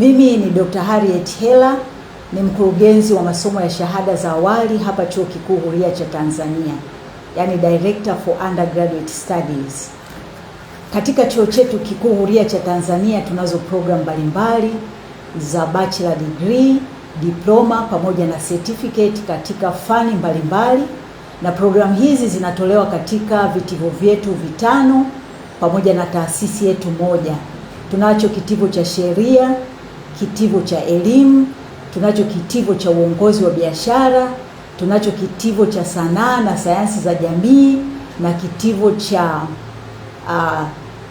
Mimi ni Dr. Harriet Hela, ni mkurugenzi wa masomo ya shahada za awali hapa Chuo Kikuu Huria cha Tanzania, yani Director for Undergraduate Studies. Katika chuo chetu kikuu Huria cha Tanzania tunazo program mbalimbali za bachelor degree, diploma pamoja na certificate katika fani mbalimbali, na programu hizi zinatolewa katika vitivo vyetu vitano pamoja na taasisi yetu moja. Tunacho kitivo cha sheria kitivo cha elimu, tunacho kitivo cha uongozi wa biashara, tunacho kitivo cha sanaa na sayansi za jamii na kitivo cha uh,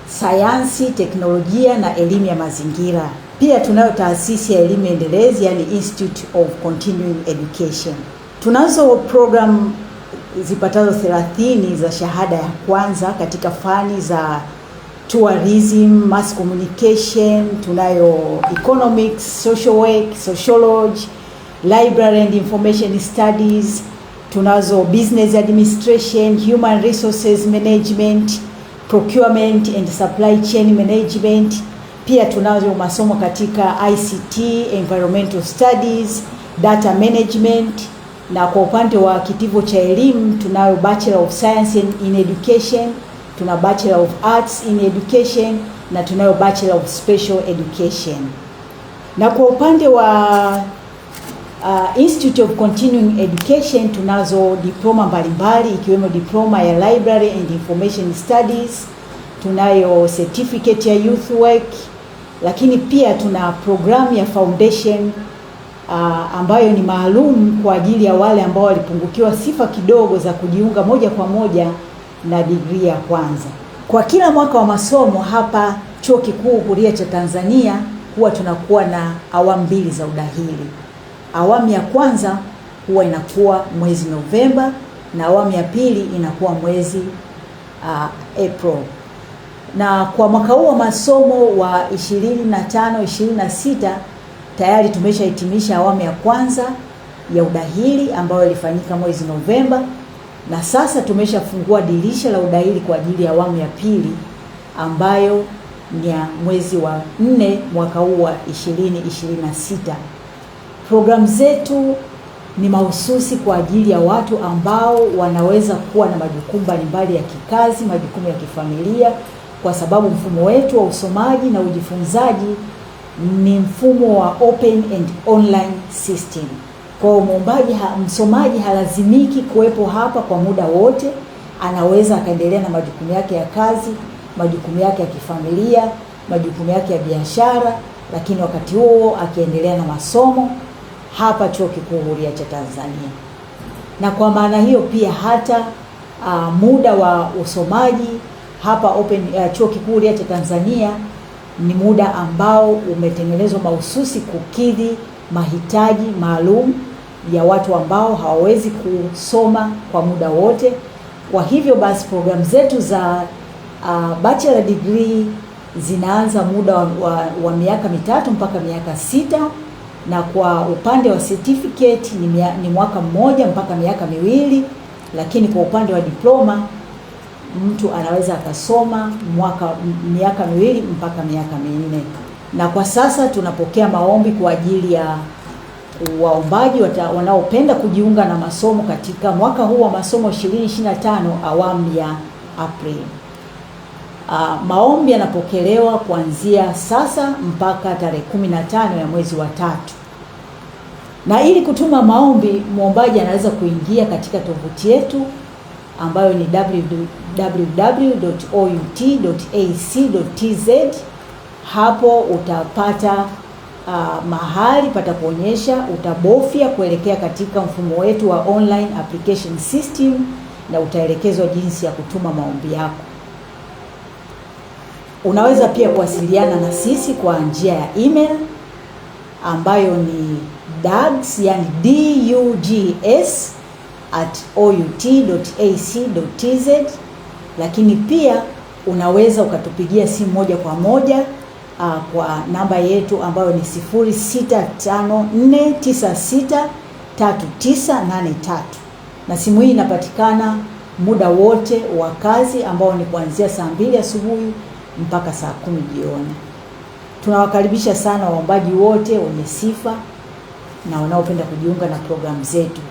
sayansi, teknolojia na elimu ya mazingira. Pia tunayo taasisi ya elimu endelezi, yani Institute of Continuing Education. Tunazo programu zipatazo 30 za shahada ya kwanza katika fani za tourism, mass communication, tunayo economics, social work, sociology, library and information studies, tunazo business administration, human resources management, procurement and supply chain management. Pia tunazo masomo katika ICT, environmental studies, data management na kwa upande wa kitivo cha elimu tunayo bachelor of science in education tuna Bachelor of Arts in Education na tunayo Bachelor of Special Education. Na kwa upande wa uh, Institute of Continuing Education tunazo diploma mbalimbali ikiwemo diploma ya Library and Information Studies, tunayo certificate ya youth work, lakini pia tuna programu ya foundation Uh, ambayo ni maalum kwa ajili ya wale ambao walipungukiwa sifa kidogo za kujiunga moja kwa moja na digrii ya kwanza. Kwa kila mwaka wa masomo hapa Chuo Kikuu Huria cha Tanzania huwa tunakuwa na awamu mbili za udahili. Awamu ya kwanza huwa inakuwa mwezi Novemba na awamu ya pili inakuwa mwezi uh, April. Na kwa mwaka huu wa masomo wa 25 26 tayari tumeshahitimisha awamu ya kwanza ya udahili ambayo ilifanyika mwezi Novemba na sasa tumeshafungua dirisha la udahili kwa ajili ya awamu ya pili ambayo ni ya mwezi wa nne mwaka huu wa 2026. Programu zetu ni mahususi kwa ajili ya watu ambao wanaweza kuwa na majukumu mbalimbali ya kikazi, majukumu ya kifamilia, kwa sababu mfumo wetu wa usomaji na ujifunzaji ni mfumo wa open and online system. Kwa mwombaji ha, msomaji halazimiki kuwepo hapa kwa muda wote, anaweza akaendelea na majukumu yake ya kazi, majukumu yake ya kifamilia, majukumu yake ya biashara, lakini wakati huo akiendelea na masomo hapa Chuo Kikuu Huria cha Tanzania. Na kwa maana hiyo pia hata uh, muda wa usomaji hapa open, uh, Chuo Kikuu Huria cha Tanzania ni muda ambao umetengenezwa mahususi kukidhi mahitaji maalum ya watu ambao hawawezi kusoma kwa muda wote. Kwa hivyo basi programu zetu za uh, bachelor degree zinaanza muda wa, wa, wa miaka mitatu mpaka miaka sita na kwa upande wa certificate ni, mia, ni mwaka mmoja mpaka miaka miwili, lakini kwa upande wa diploma mtu anaweza akasoma mwaka miaka miwili mpaka miaka minne. Na kwa sasa tunapokea maombi kwa ajili ya waombaji wanaopenda kujiunga na masomo katika mwaka huu wa masomo 2025 awamu ya Aprili. Uh, maombi yanapokelewa kuanzia sasa mpaka tarehe 15 ya mwezi wa tatu, na ili kutuma maombi mwombaji anaweza kuingia katika tovuti yetu ambayo ni www.out.ac.tz. Hapo utapata uh, mahali patakuonyesha, utabofya kuelekea katika mfumo wetu wa online application system na utaelekezwa jinsi ya kutuma maombi yako. Unaweza pia kuwasiliana na sisi kwa njia ya email ambayo ni dugs, yani dugs at out.ac.tz, lakini pia unaweza ukatupigia simu moja kwa moja uh, kwa namba yetu ambayo ni 0654963983 na simu hii inapatikana muda wote wa kazi ambao ni kuanzia saa mbili asubuhi mpaka saa kumi jioni. Tunawakaribisha sana waombaji wote wenye sifa na wanaopenda kujiunga na programu zetu.